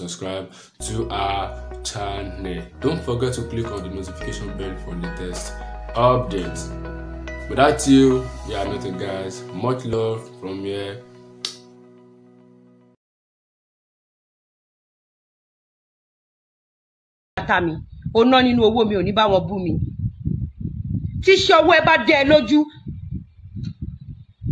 subscribe to our channel don't forget to click on the notification bell for latest updates without you we are nothing guys much love from here bàtà mi ó ná nínú owó mi ò ní bá wọn bú mi tíṣe owó ẹ bá dẹ ẹ lójú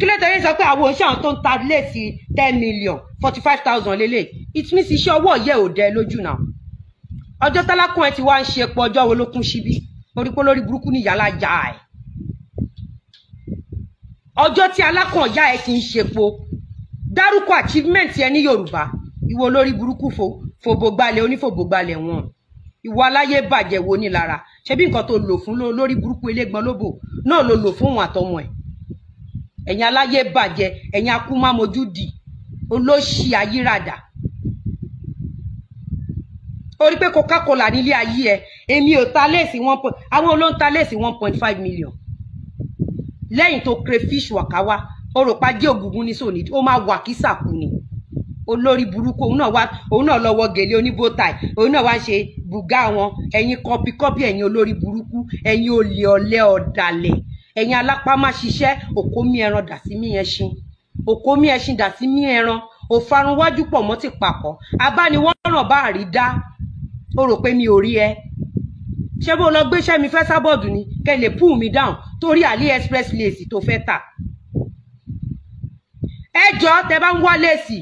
kí ló tẹ̀lé sọ pé àwọn oṣù àwọn tó ń ta léèsì ten million forty five thousand lele. it means iṣẹ́ ọwọ́ yẹ ò dẹ lójú náà ọjọ́ tálákùn ẹ ti wá ń ṣe epo ọjọ́ wo ló kún síbí orí pé lórí burúkú ni ìyálà já ẹ ọjọ́ tí alákàn ya ẹ ti ń ṣepo dárúkọ achievement ẹ ní Yorùbá ìwọ lórí burúkú fòbògbalẹ̀ onífòbògbalẹ̀ wọn ìwọ aláyé bàjẹ́ wo ní lára ṣebí nǹkan tó lò fún lórí burúkú elégbọn lóbò náà ló lò fún òun àtọmọ ẹ ẹ̀yin aláyé bàjẹ́ ẹ̀yin akú má mojú dì olóṣì ayírádà orí pé coca-cola nílé ayé ẹ èmi ò ta léèsì one point àwọn olóhùn ta léèsì one point five million lẹ́yìn tó crayfish wàkáwá ọrọ̀ pàjẹ́ ògùngùn ní sòní ó máa wà kí sàkú ni olórí burúkú òun náà wá òun náà lọ wọ gèlè oníbótàì òun náà wá ń ṣe bùgá wọn ẹ̀yin kọpikọpi ẹ̀yin olórí burúkú ẹ̀yin olè ọ̀lẹ ọ̀dàlẹ̀ ẹ̀yin alápá ṣiṣẹ́ òkó ẹran dà mí yẹn òkó mí ẹṣin dà sí mí ẹran òfarun wájú pọ̀ mọ́ ti papọ̀ abániwọ́ràn bá rí dá o rò pé mi ò rí ẹ ṣé bó lọ gbéṣẹ́ mi fẹ́ sábọ̀dù ni kẹ́ lè pull mi down torí AliExpress lèsì tó fẹ́ tà ẹ jọ tẹ bá ń wá lèsì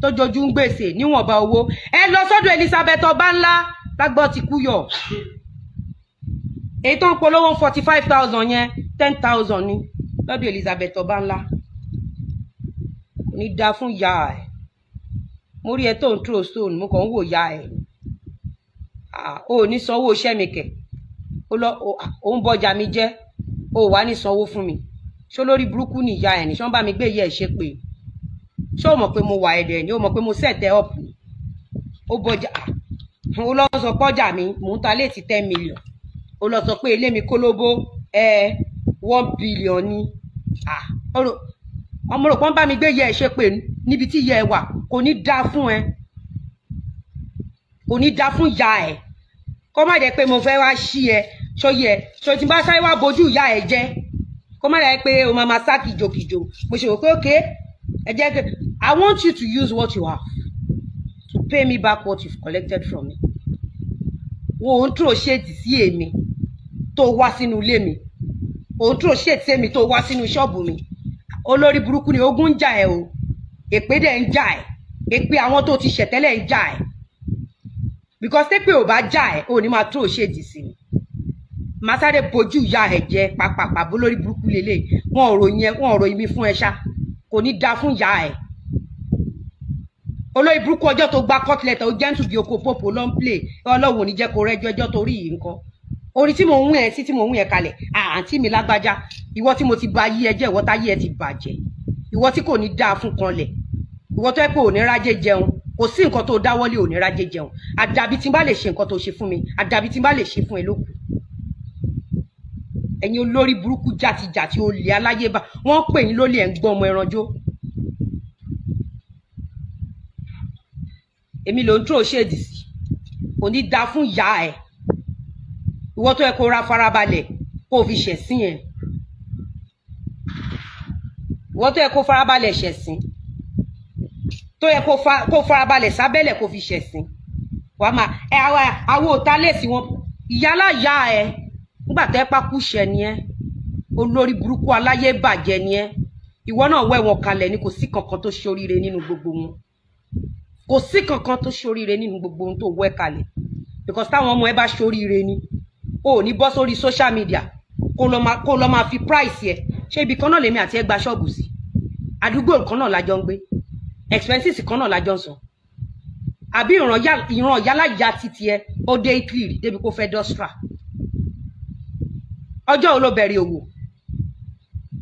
tó jojú ń gbèsè níwọ̀nba owó ẹ lọ sọ́dọ̀ Elizabeth Ọbánlá lágbọ́ ti kú yọ èyí tó ń polówó forty five thousand yẹn ten thousand ni lọ́dọ̀ Elizabeth Ọbánlá kò ní dáa fún ìyá ẹ̀ mo rí ẹ tó ń throw stone mo kàn ń wò ìyá ẹ̀ o ò ní sanwó iṣẹ́ mi kẹ̀ ó ń bọ́jà mi jẹ́ o ò ní sanwó fún mi ṣó lórí burúkú ni ìyá ẹ̀ ní ṣó ń bá mi gbé ìyá ṣe pé ṣó o mọ̀ pé mo wà ẹ̀dẹ̀ ni o mọ̀ pé mo set ẹ up ni ó bọ́jà ó lọ sọ pọ́jà mi mò ń ta léètì ten million ó lọ sọ pé ilé mi kólóbó ẹ one billion ni ọmọ rò pọ́n bá mi gbé yẹ ẹ̀ ṣe pé níbi tí yẹ ẹ wà kò ní dáa fún ẹ kò ní dáa fún ìyá ẹ kó má jẹ́ pé mo fẹ́ wá ṣí ẹ ṣọyẹ ṣọtí bá sáré wá bojú ìyá ẹ jẹ́ kó má jẹ́ pé o máa ma sá kìjokìjo mo ṣe rò pé òkè ẹ jẹ́ pé I want you to use what you have to pay me back what you've collected from me wo ń tòrò ṣéèdì sí èmi tó wá sínú ilé mi ò ń tòrò sí èmi tó wá sínú ṣọ́ọ̀bù mi olórí burúkú ni ogun ń jà ẹ o èpè dẹ̀ ń jà ẹ èpè àwọn tó ti ṣẹ̀tẹ́lẹ̀ ń jà ẹ because tẹ́pè ò bá jà ẹ ò ní máa tó òṣèdì sí i máa sáré bojú ìyá ẹ jẹ pàpàpà bó lórí burúkú lélẹ̀ wọn ò ròyìn ẹ wọn ò ròyìn mi fún ẹ ṣá kò ní da fún ìyá ẹ olórí burúkú ọjọ́ tó gba cutlet ó jẹ́ntù bí oko popo ló ń ọlọ́wọ́ ò ní jẹ́ kó rẹ́jọ́ ọjọ́ tó rí yìí nǹkan orin tí mò ń wí ẹ sí tí mò ń wí ẹ kalẹ̀ àǹtí mi lágbájá ìwọ tí mo ti ba yí ẹ jẹ́ ìwọ táyé ẹ ti bàjẹ́ ìwọ tí kò ní dáa fún kan lẹ̀ ìwọ tó yẹ pé òní rájé jẹun kò sí nǹkan tó dáwọ́lé òní rájé jẹun àdàbí tí n bá lè ṣe nǹkan tó ṣe fún mi àdàbí tí n bá lè ṣe fún ẹ lókù ẹ̀yin olórí burúkú jàtijàti olè aláyébá wọ́n pè yín lólè ẹ ń gbọ́ ọmọ ẹranjó èmi ló ń tró ṣèdì sí òní dáa fún ìyá ẹ ìwọ tó yẹ kó ra farabalẹ̀ kó o fi ṣẹ̀sìn yẹn ìwọ tó yẹ kó farabalẹ̀ ṣẹ̀sìn tó yẹ kó farabalẹ̀ sábẹ́lẹ̀ kó fi ṣẹ̀sìn wàá máa ẹ àwọn òta lẹ́sìn wọn ìyálàyà ẹ nígbà tẹ́ pákú ṣẹ ni ẹ olórí burúkú aláyé bàjẹ́ ni ẹ ìwọ náà wẹ̀ wọn kalẹ̀ ni kò sí kankan tó ṣe oríire nínú gbogbo wọn kò sí kankan tó ṣe nínú gbogbo ohun tó wẹ̀ kalẹ̀ because táwọn ọmọ ẹ bá ṣe ni o ò ní bọ́ sórí social media kó lọ máa fi price yẹ ṣé ibi kan náà lèmi àti ẹ gba ṣọ́ọ̀bù sí àdúgbò kan náà lájọ ń gbé expenses kan náà lájọ ń san àbí ìran yálàyà títí ẹ ó dé Italy rí débi kó fẹ́ dọ́stra ọjọ́ wo òwò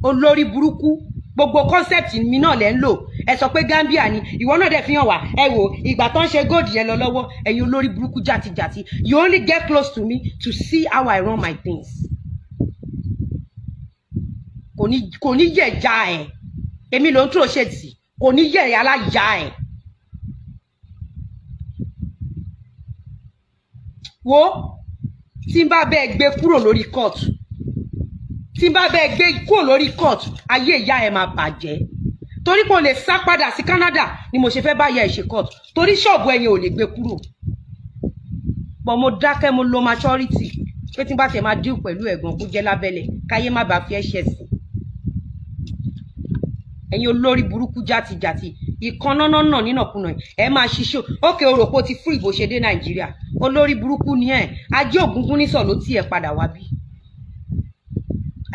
olórí burúkú gbogbo concept mi náà lẹ́ ń lò ẹ sọ pé Gambia ni ìwọ náà dẹ̀ fi hàn wá ẹ wò ìgbà tó ń ṣe gold yẹn lọ lọ́wọ́ ẹ̀yin olórí burúkú jàtijàti you only get close to me to see how I run my things kò ní yẹ̀ já ẹ̀ èmi ló ń tó ṣe tì kò ní yẹ̀ aláya ẹ̀. wo tí n bá bẹ́ẹ̀ gbé kúrò lórí kóòtù tí n bá bẹ́ẹ̀ gbé kúrò lórí kóòtù ayé ìyá ẹ̀ máa bàjẹ́ torí kò lè sá padà sí Canada ni mo ṣe fẹ́ bá ya ìṣe court torí ṣọ́ọ̀bù ẹ̀yìn ò lè gbé kúrò bọ́n mo dákẹ́ mo lo maturity pé tí n bá ṣe máa díù pẹ̀lú ẹ̀gbọ́n kó jẹ́ lábẹ́lẹ̀ káyé má bàa fi ẹ̀ṣẹ̀ sí ẹ̀yin olórí burúkú játijàti ìkànnánánà nínàkúnà ẹ máa ṣiṣẹ́ òkè òròpó ti fún ìbò ṣe dé Nàìjíríà olórí burúkú ni ẹ ajé ògúngún nísọ ló tiẹ̀ padà wá bí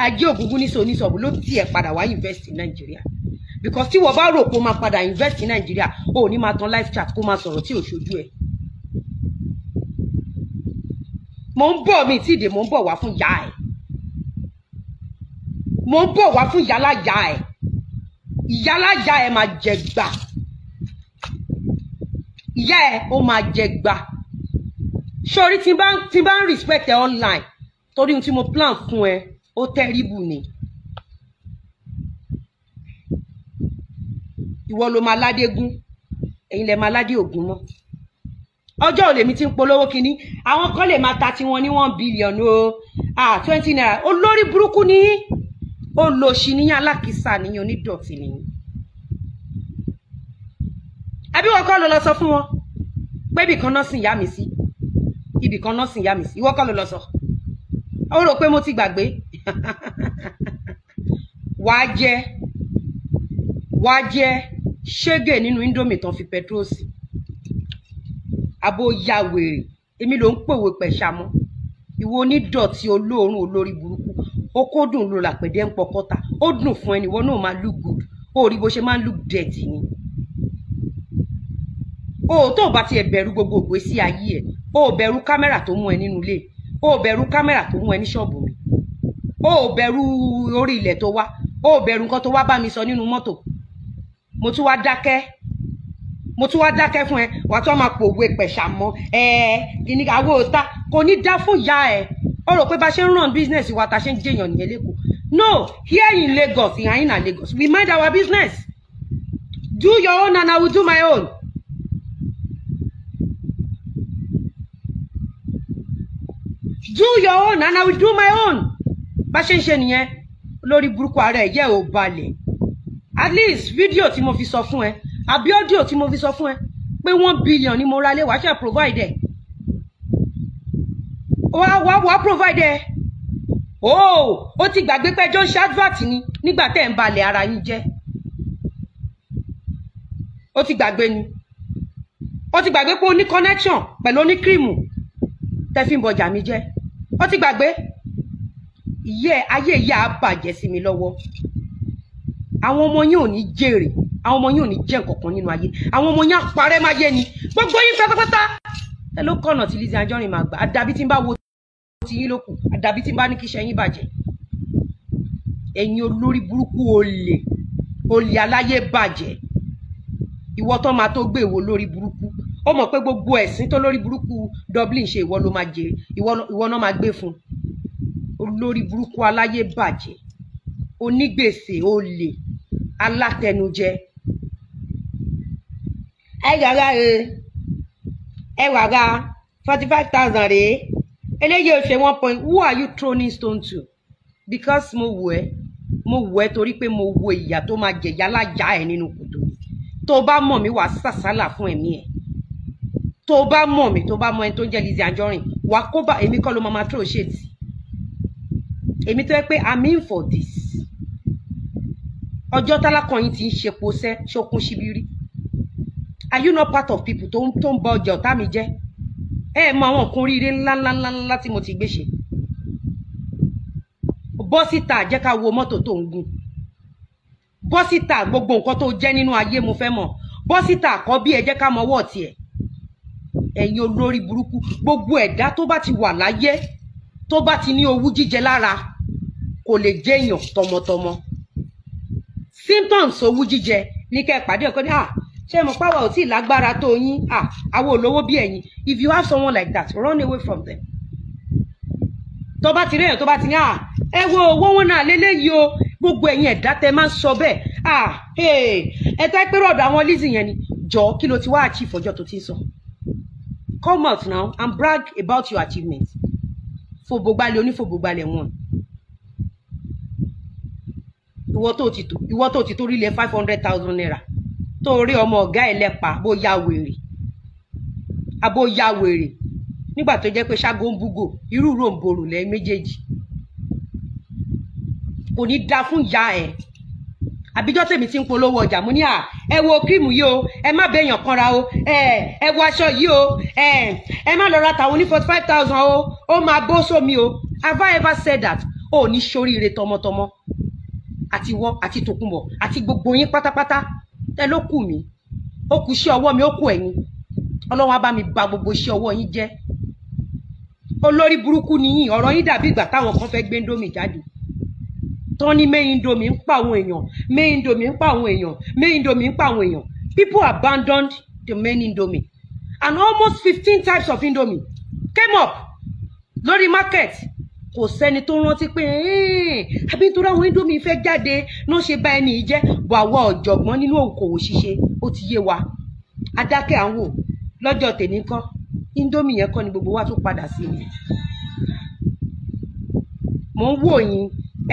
ajé ògúngún nísọ nísọ ló tiẹ̀ padà wá invest Nàìjíríà because tí wọ́n bá rò pé o máa padà invest in Nigeria. o ò ní máa tan live chat kó máa sọ̀rọ̀ tí ò ṣojú ẹ̀. mo ń bọ̀ mi tí ìdè mo ń bọ̀ wá fún ìyá ẹ̀ mo ń bọ̀ wá fún ìyálàyà ẹ̀ ìyálàyà ẹ̀ máa jẹ gbà ìyá ẹ̀ ó máa jẹ gbà sori tí n bá ń respect ẹ online torí ohun tí mo plan fún ẹ ó terrible ni. ìwọ ló máa ládé gún ẹ̀yin lẹ máa ládé ògún mọ́ ọjọ́ òlèmí ti ń polówó kínní àwọn kan lè máa ta tiwọn ní one billion o ah twenty naira olórí burúkú ní olóṣì níyàn alákìsà níyàn onídọ̀tí níyàn àbí wọn kọ́ ló lọ sọ fún wọn pé ibì kan náà sì yá mi sí ibì kan náà sì yá mi sí ìwọ kọ́ ló lọ sọ ó rò pé mo ti gbàgbé wàá jẹ wàá jẹ ṣégè nínú indomie tán fi petrol sí àbò ya wèrè èmi ló ń pòwe pẹ̀ṣámọ́ ìwọ onídọ̀tí olóòórùn olórí burúkú okó dùn ló làpẹ̀dẹ́ ń pọkọ́ta ó dùn fún ẹni ìwọ náà máa look good ó rí bó ṣe máa ń look dirty ni òótọ́ ò bá tiẹ̀ bẹ̀rù gbogbo ìgbésí ayé ẹ̀ o ò bẹ̀rù kámẹ́rà tó mú ẹ nínú ilé o ò bẹ̀rù kámẹ́rà tó mú ẹ ní ṣọ́ọ̀bù mi o ò bẹ̀rù orí ilẹ̀ tó wá o bẹ̀rù nǹkan tó wá bá mi sọ nínú mọ́tò mo tún wá dákẹ́ mo tún wá dákẹ́ fún ẹ wàá tún wá máa pòwe pẹ̀ṣà mọ́ ẹ kìíní àwọ̀ òta kò ní dá fún ìyá ẹ ó rò pé bá ṣe ń ràn business wa ta ṣe ń jẹyàn nìyẹn lẹ́kọ̀ọ́ no here in Lagos in Aina Lagos we mind our business do your own and I will do my own. do your own and I will do my own bá ṣe ń ṣe nìyẹn lórí burúkú ara ẹ̀ yẹ́ ò balẹ̀ at least video, tí mo fi sọ fún ẹ àbí ọ́díò tí mo fi sọ fún ẹ pé one billion ni mo ra lé wàá ṣe provide ẹ wàá wàá wàá provide ẹ oh ó ti gbàgbé pẹ́jọ́ ń ṣáàdùvàtì ni nígbà tẹ́ ń balẹ̀ ara yín jẹ́ ó ti gbàgbé ni ó ti gbàgbé pé ó ní connection pẹ̀lú oníkírìmù tẹ́fínbọjà mi jẹ́ ó ti gbàgbé ìyẹ́ ayé ìyá bàjẹ́ sí mi lọ́wọ́ àwọn ọmọ yín ò ní jèrè àwọn ọmọ yín ò ní jẹ́ nǹkankan nínú ayé àwọn ọmọ yín àparẹ́ máa yé ni gbogbo yín pátápátá ẹ ló kọ̀nà tí Lizzy Anjorin máa gbà àdàbí tí ń bá wo ti yín lókù àdàbí tí ń bá ní kí iṣẹ́ yín bàjẹ́ ẹ̀yin olórí burúkú olè olè aláyé bàjẹ́ ìwọ tán máa tó gbé ìwọ lórí burúkú ó mọ̀ pé gbogbo ẹ̀sìn tó lórí burúkú Dublin ṣe ìwọ ló máa jẹ ìwọ náà máa gbé fún olórí burúkú aláyé bàjẹ́ onígbèsè olè alátẹnujẹ ẹ rárá re ẹ rárá forty five thousand rèé eléyìí ò ṣe one point who are you throwing stone to because mo wù ẹ́ mo wù ẹ́ torí pé mo wo ìyà tó máa jẹ̀yà lájà ẹ̀ nínú kòtò tó bá mọ̀ mí wàá sàsálà fún ẹ̀mí ẹ̀ tó bá mọ̀ mí tó bá mọ ẹni tó ń jẹ́ Lizzy Anjorin wàá kó bá èmi kọ́ ló máa máa tó ṣètì èmi tó yẹ pé i'm in for this ọjọ́ tálákàn ti ń ṣe posẹ́ ṣokun ṣíbírí are you not part of people tó ń tó ń ba ọjà ọ̀tá mi jẹ́ ẹ ẹ mọ àwọn nǹkan oríire ńláńláńlá tí mo ti gbé ṣe bọ́ síta jẹ́ ká wo mọ́tò tó ń gùn bọ́ síta gbogbo nǹkan tó jẹ́ nínú ayé mo fẹ́ mọ̀ bọ́ síta kọ́ bí ẹ jẹ́ ká mọ ọwọ́ tiẹ̀ ẹ̀yin olórí burúkú gbogbo ẹ̀dá tó bá ti wà láyé tó bá ti ní owú jíjẹ lára kò lè jẹ́ tọmọtọmọ symptoms owú jíjẹ ní kẹ́ ẹ pàdé ọ̀kan ní à ṣé mo pàwọ̀ ò tí ì lágbára tó yín à àwọn olówó bí ẹ̀yin if you have someone like that run away from them tó bá ti rí èèyàn tó bá ti ní à ẹ wo owó wọn náà léléyìí o gbogbo ẹ̀yin ẹ̀dá tẹ máa ń sọ bẹ́ẹ̀ à ẹ tẹ́ pé rọ̀dọ̀ àwọn Lizzy yẹn ni jọ kí ló ti wá achieve ọjọ́ tó ti sọ come out now and brag about your achievement fòbògbalẹ̀ onífòbògbalẹ̀ one ìwọ tó ti torí lé five hundred thousand naira tó rí ọmọ ọ̀gá ẹ̀ lẹ́pa bó ya wèrè abó ya wèrè nígbà tó jẹ́ pé ṣágo ń búgò irú rò ń borò lẹ́ méjèèjì kò ní da fún ìyá ẹ̀ àbíjọ́ tèmi ti ń polówó ọjà mo ní à ẹ wo kírìmù yìí o ẹ má bẹ̀yàn kanra o ẹ ẹ wo aṣọ yìí o ẹ má lọ ra tàwọn ní forty five thousand o ó máa bó sómi o have I ever said that o ò ní ṣoríire tọmọtọmọ àti wọ́ àti tòkunbọ̀ àti gbogbo yín pátápátá ẹ ló kù mí ó kù iṣẹ́ ọwọ́ mi ó kù ẹ̀yin ọlọ́run á bá mi bà gbogbo iṣẹ́ ọwọ́ yín jẹ́ olórí burúkú ni ọ̀rọ̀ yín dàbí ìgbà táwọn kan fẹ́ gbé ndómi jáde tán ní méyìndómi ń pa àwọn èèyàn méyìndómi ń pa àwọn èèyàn méyìndómi ń pa àwọn èèyàn people abandoned the main indomie and almost fifteen types of indomie came up lórí market kò sẹ́ni tó rántí pé àbí nítorí àwọn indomie fẹ́ jáde náà ṣe bá ẹni jẹ́ bọ̀ àwa ọ̀jọ̀gbọ́n nínú òkòwò ṣíṣe ó ti yé wa adákẹ́ à ń wò lọ́jọ́ tèmi kọ́ indomie yẹn kọ́ ni gbogbo wa tún padà sí ni mò ń wò yín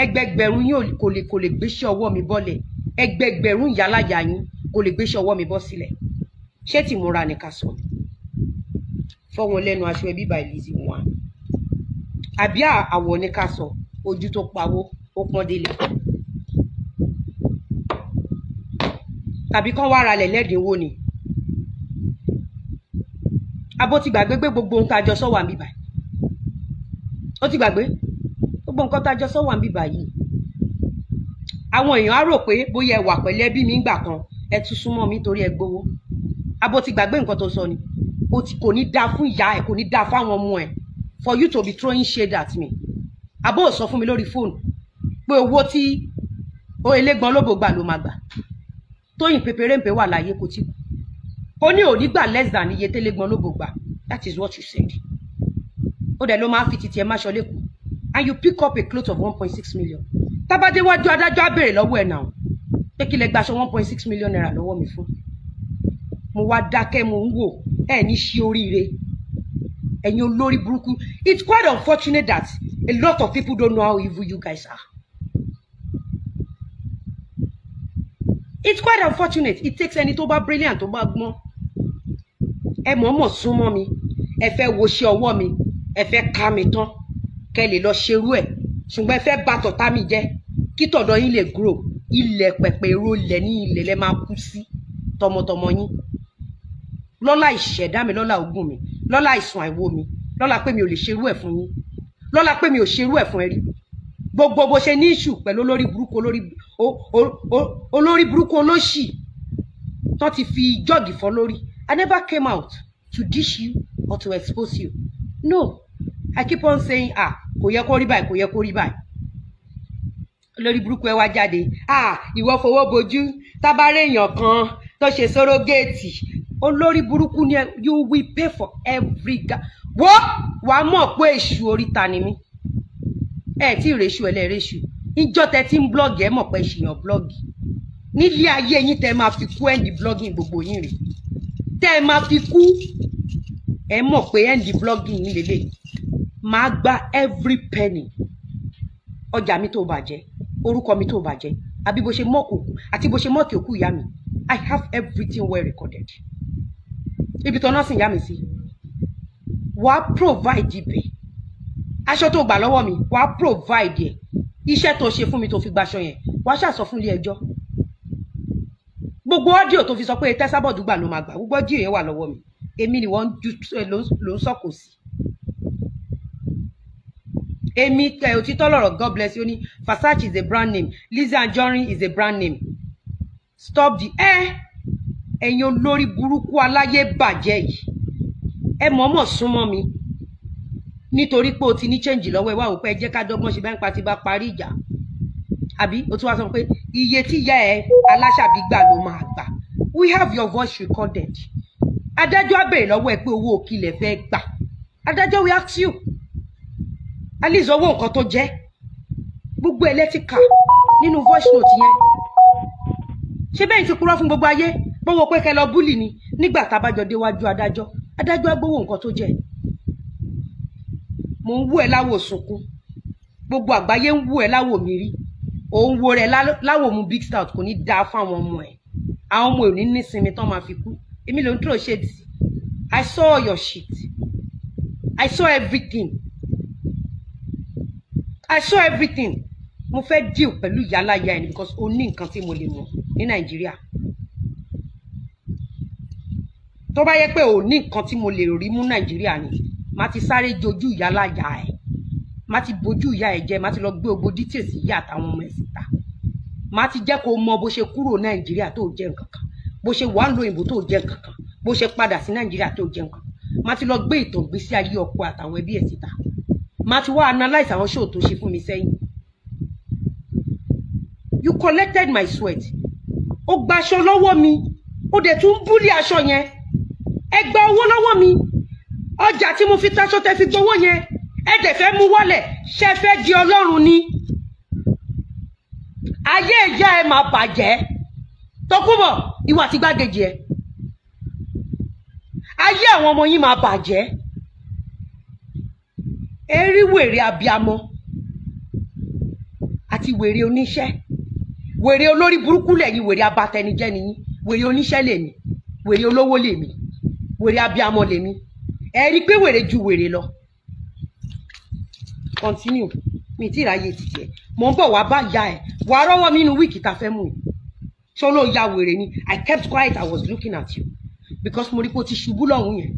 ẹgbẹgbẹ̀rún yín kò lè kò lè gbéṣẹ́ ọwọ́ mi bọ́lẹ̀ ẹgbẹgbẹ̀rún ìyálàyà yín kò lè gbéṣẹ́ ọwọ́ mi bọ́ sílẹ̀ ṣé tìmúra ni ká sọ fọwọn lẹ́nu aṣọ ẹbí bá ti wọn àbí àwọ̀ ni ká sọ ojú tó pawó ó pọ́n délé tàbí kán wá ralẹ̀ lẹ́dínwó ni abo ti gbàgbé pé gbogbo ohun tá a jọ sọ wà ń bíbà ó ti gbàgbé gbogbo nǹkan tá a jọ sọ wà ń yìí àwọn èèyàn á rò pé bóyá ẹ wà pẹ̀lú ẹbí mi ńgbà kan ẹ tún súnmọ́ mi torí ẹ gbowó abo ti gbàgbé nǹkan tó sọ ni kò ní dáa fún ìyá ẹ kò ní dáa fáwọn ọmọ ẹ for you to be throwing shade at me àbó ò sọ fún mi lórí fóònù pé owó tí ó elégbọn lóbò gbà ló máa gbà tóyìn pèpèrèǹpè wà láàyè kò tí ó ní òní gbà less than iye télégbọn lóbò gbà that is what you said ó dẹ̀ ló máa fi titi ẹ̀ má ṣọ lẹ́kọ̀ọ́ and you pick up a cloth of one point six million tábàdéwájú adájọ́ á béèrè lọ́wọ́ ẹ̀ náà pé kí lè gbaṣọ one point six million naira lọ́wọ́ mi fún mo wá dákẹ́ mo ń wò ẹ̀ ní ṣí oríire And ẹ̀yin olórí burúkú it's quite unfortunate that a lot of people don't know how evil you guys are. it's quite unfortunate it takes ẹni tó brilliant to bá more. ẹ mọ̀ọ́mọ̀ súnmọ́ mi fe fẹ́ woṣẹ́ ọwọ́ mi ẹ fe ká mi tán kẹ́ lè lọ ṣerú ẹ̀ ṣùgbọ́n ẹ fẹ́ bà tọ̀tá mi jẹ́ kí tọ̀dọ̀ yín lè grow ilẹ̀ pẹ̀pẹ̀ èrò lẹ̀ ní ilẹ̀ lẹ́ máa kú Tomo tọmọtọmọ yín lọ́lá ìṣẹ̀dá mi lọ́lá ogún mi lọ́la àìsàn àìwo mi lọ́la pé mi ò lè ṣerú ẹ̀ fún yín lọ́la pé mi ò ṣerú ẹ̀ fún ẹ rí gbogbo bó ṣe ní ìṣù pẹ̀lú olórí burúkú olórí burúkú olóṣì tó ti fi jọ́ọ̀gì fọ́ lórí I never came out to dish you or to expose you no I keep on saying ah kò yẹ kó rí báyìí kò yẹ kó rí báyìí lórí burúkú ẹ wá jáde ah ìwọ fowó bojú tábàárẹ̀ èèyàn kan tó ṣe sórógéètì olórí burúkú ni ẹ you will pay for every ga wo wàá mọ̀ pé èṣù oríta ni mí ẹ tí ì rèṣù ẹlẹ́rèṣù ìjọ tẹ ti ń blọ́ọ̀gì ẹ mọ̀ pé ṣèyàn blọ́ọ̀gì nílé ayé yín tẹ máa fi kú ẹ̀ǹdì blọ́ọ̀gì gbogbo yín rè tẹ máa fi kú ẹ mọ̀ pé ẹ̀ǹdì blọ́ọ̀gì yín lélẹ̀ máa gba every penny ọjà mi tó bàjẹ́ orúkọ mi tó bàjẹ́ àbí bó ṣe mọ́ọ̀kì òkú àti bó ṣe mọ́ọ̀kì òkú ìyá mi I have everything well recorded ibi tó nọ́ọ̀sì ìyá mi sí wàá provide ibẹ̀ aṣọ tó gbà lọ́wọ́ mi wàá provide ẹ̀ iṣẹ́ tó ṣe fún mi tó fi gbaṣọ yẹn wàá ṣàṣọ fún ilé ẹjọ́ gbogbo ọ́díò tó fi sọ pé tẹ́sábọ̀dù gbà ló máa gbà gbogbo ọ́díò yẹn wà lọ́wọ́ mi èmi ni wọ́n ló ń sọ̀kò sí èmi tẹ òtítọ́ lọ̀rọ̀ God bless you ní Versace is a brand name Lizzie Anjorin is a brand name stop the air. Eh? ẹ̀yin olórí burúkú aláyé bàjẹ́ yìí ẹ mọ̀ọ́mọ̀ súnmọ́ mi nítorí pé o ti ní change lọ́wọ́ ẹ wá wò pé ẹ jẹ́ ká dọ́gbọ́n ṣe bá ń pa ti bá parí ìjà àbí o tún wá sọ pé iye tí ìyá ẹ aláṣàbí ló máa gbà we have your voice recorded adájọ́ á béèrè lọ́wọ́ ẹ pé owó òkìlẹ̀ fẹ́ gbà adájọ́ we ask you alice owó nǹkan tó jẹ́ gbogbo ẹ̀ nínú voice note yẹn ṣé bẹ́ẹ̀ ti purọ́ fún gbogbo ayé gbowó pé kẹ lọ búlì ni nígbà tá déwájú adájọ́ adájọ́ gbowó nǹkan tó jẹ mò ń wú ẹ láwò sunkún gbogbo àgbáyé ń wú ẹ láwò mi òun wo rẹ láwò mu big stout kò ní dáa fáwọn ọmọ ẹ àwọn ọmọ ẹ nísinmi tán máa fi kú èmi ló ń dúró ṣe dì I saw your shit I saw everything I saw everything mo fẹ́ deal pẹ̀lú ìyáláyà ẹni because o ní nǹkan tí mo lè mọ̀ ní Nàìjíríà tó bá yẹ pé ò ní nǹkan tí mo lè rí mú nàìjíríà ni má ti sáré jojú ìyá láyà ẹ má ti bojú ìyá ẹ jẹ má ti lọ gbé ogbó details ìyá àtàwọn ọmọ ẹ síta má ti jẹ́ kó mọ bó ṣe kúrò nàìjíríà tó jẹ́ nǹkan kan bó ṣe wà ń òyìnbó tó jẹ́ nǹkan kan bó ṣe padà sí nàìjíríà tó jẹ́ nǹkan má ti lọ gbé ìtàn gbé sí ayé ọkọ àtàwọn ẹbí ẹ síta má ti wá analyse àwọn ṣòwò tó ṣe fún mi sẹ́yìn you collected my sweat ó gbaṣọ lọ́wọ́ mi ó dẹ̀ tún búlí aṣọ yẹn ẹ gba owó lọ́wọ́ mi ọjà tí mo fi taṣọ tẹ fi gbowó yẹn ẹ dẹ̀ fẹ́ mú wọlẹ̀ ṣe fẹ́ di ọlọ́run ni ayé ìyá ẹ máa bàjẹ́ Tọ́kùnbọ̀ ìwà àti gbàgejì ẹ ayé àwọn ọmọ yín máa bàjẹ́ erí wèrè abiamọ àti wèrè oníṣẹ́ wèrè olórí burúkú lẹ̀yin wèrè abatẹnijẹ́ nìyí wèrè oníṣẹ́ lèmi wèrè olówó lèmi wèrè abiyamọ lèmi ẹ rí i pé wèrè ju wèrè lọ continue mi ti ráyè tìjẹ mò ń bọ̀ wá bá ya ẹ̀ wà á rọ́wọ́ mi nínú wíìkì tá a fẹ́ mú yìí ṣé ya wèrè ni I kept quiet I was looking at you because mo rí pé o ti ṣubú lọ́hùn yẹn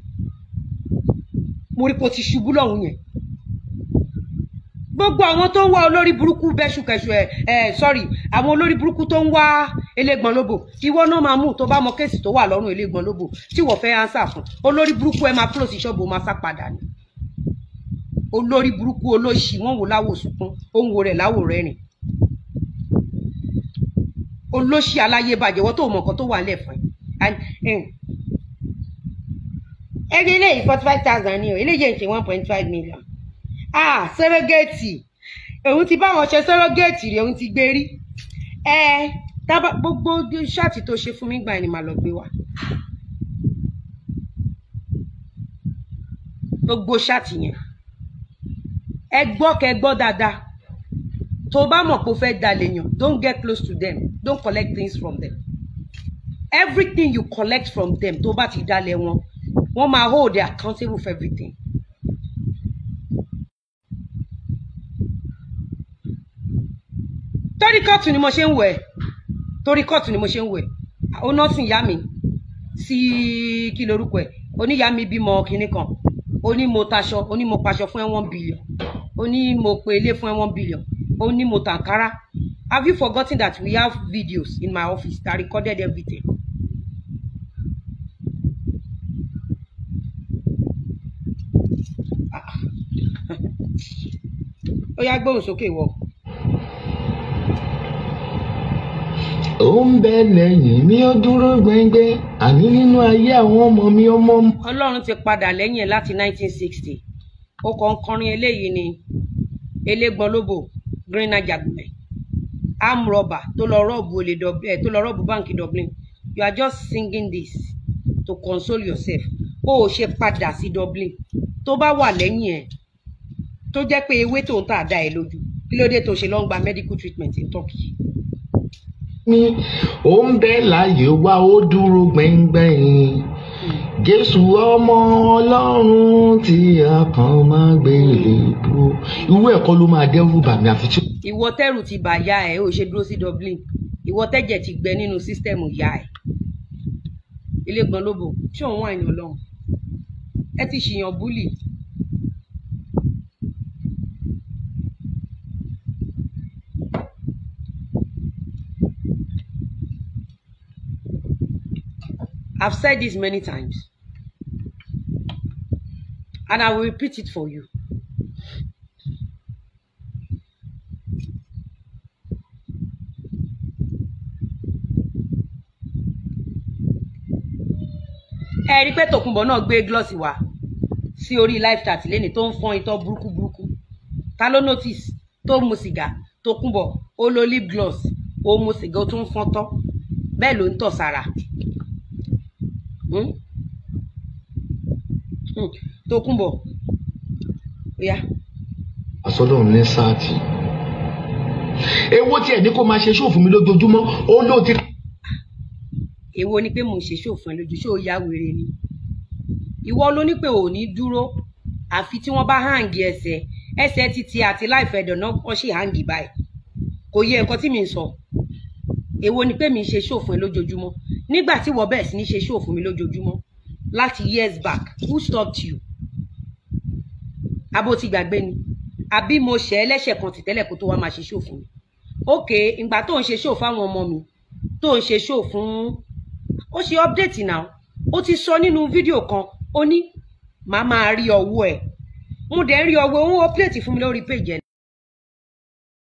mo rí pé o ti ṣubú lọ́hùn yẹn gbogbo àwọn tó ń wá olórí burúkú bẹ́ṣukẹ̀ṣu ẹ̀ ẹ̀ sọ́rí àwọn olórí burúkú tó ń wá elégbọn lóbò ìwọ náà máa mú tó bá mọ kéèsì tó wà lọ́rùn elégbọn lóbò tí wọ́n fẹ́ ánsà fún olórí burúkú ẹ máa kúrò sí ṣọ́ọ̀bù ó máa sá padà ni olórí burúkú olóṣì wọ́n wò láwò sunkún ó ń wo rẹ̀ láwò rẹ́rìn olóṣì aláyébàjẹ́ wọ́n tó mọ̀ nǹkan tó wà lẹ̀ fún ẹ eh, ẹgbẹ́ eléyìí forty five thousand ni o eléyìí ń ṣe one point five million ah sẹ́rẹ́gẹ́ẹ̀tì òun ti bá wọn ṣe sẹ́rẹ́gẹ́ẹ̀tì rẹ̀ òun ti gbé rí ẹ tábà gbogbo ṣáàtì tó ṣe fún mi gbà ni màá lọ gbé wá gbogbo ṣáàtì yẹn ẹ gbọ́ kẹ gbọ́ dáadáa tó bá mọ̀ pé ó fẹ́ dalẹ̀ yàn don't get close to them don't collect things from them everything you collect from them tó bá ti dalẹ̀ wọn wọ́n máa hold accountable for everything. torí kóòtù ni mo ṣe ń wẹ̀ torí kóòtù ni mo ṣe ń wẹ̀ ó náà sì yá mi sí kí lorúkọ ẹ̀ oníyá mi bímọ kinní kan ó ní mo taṣọ ó ní mo paṣọ fún ẹ̀wọ̀n bílíọ̀n ó ní mo pe ilé fún ẹ̀wọ̀n bílíọ̀n ó have you forgotten that we have videos in my office that recorded everything. Ah. ó yá gbóhùn Okay, wọ. ó ń bẹ lẹ́yìn mi ó dúró gbẹngbẹ́ àní nínú ayé àwọn ọmọ mi ọmọ. ọlọ́run ti padà lẹ́yìn láti 1960 ó kàn ń kọrin eléyìí ni elégbọn lóbò greener jagunmẹ̀ amrọ̀bà tó lọ rọ́ọ̀bù olè dublin eh, tó lọ rọ́ọ̀bù báǹkì dublin you are just singing this to console yourself ó ò ṣe padà sí dublin tó bá wà lẹ́yìn ẹ̀ tó jẹ́ pé ewé tó ń tà dá ẹ lójú kí ló dé tó ṣe lọ́n medical treatment in Turkey ní ó ń bẹ láàyè wá ó dúró gbẹ̀ngbẹ̀yìn jésù ọmọ ọlọ́run tí a kàn máa gbé lébú irú ẹ̀kọ́ ló máa dẹ́rù bà àfi tí. ìwọ tẹrù ti bà yá ẹ ò ṣe dúró sí dublin ìwọ tẹ̀jẹ̀ ti gbẹ nínú sísítẹ̀mù yá ẹ ilé gbọn lóbo tí òun wà yàn lọhùn ẹ ti ṣìyàn búlì I've said this many times. And I will repeat it for you. ẹ rí pé Tòkunbọ̀ náà gbé gloss wá sí orí live chat lẹ́ni tó ń fọ́n itọ́ burúkú burúkú ta ló notice tó mu sìgá Tòkunbọ̀ ó lo lip gloss ó mu sìgá ó tún fọ́n tọ́ bẹ́ẹ̀ ló ń tọ̀ sára Hmm? Hmm. Tókunbọ̀ oya. àsọlọ́run ní sáàtì èwo tiẹ̀ ní kó máa ṣe ṣòfò mi lójoojúmọ́ ó lóò ti. Ewo ni pé mò ń ṣe ṣòfò lójú ṣé ya wèrè ni ìwọ ló ní pé ò ní dúró àfi tí wọ́n bá hàǹgì ẹsẹ̀ ẹsẹ̀ títí àti láìfẹ́ dọ̀nà wọ́n sì hàǹgì báyìí kò yẹ ẹ̀kọ́ tí mi sọ èwo ni pé mi ṣe ṣòfò lójoojúmọ́ nígbà tí wọ́n bẹ̀rẹ̀ sí ní ṣe ṣòfò mi lójoojúmọ́ láti years back who stopped you abo ti gbàgbé ni àbí mo ṣẹ̀ ẹ́ lẹ́ṣẹ̀ kan tìtẹ́lẹ̀ kó tó wá máa ṣe ṣòfò mi ok ìgbà tó ń ṣe ṣòfò àwọn ọmọ mi tó ń ṣe ṣòfò fún ó ṣe update now ó ti sọ nínú fídíò kan ó ní màá máa rí ọwọ́ ẹ̀ mo dẹ̀ ń rí ọwọ́ òun update fún mi lórí page ẹ̀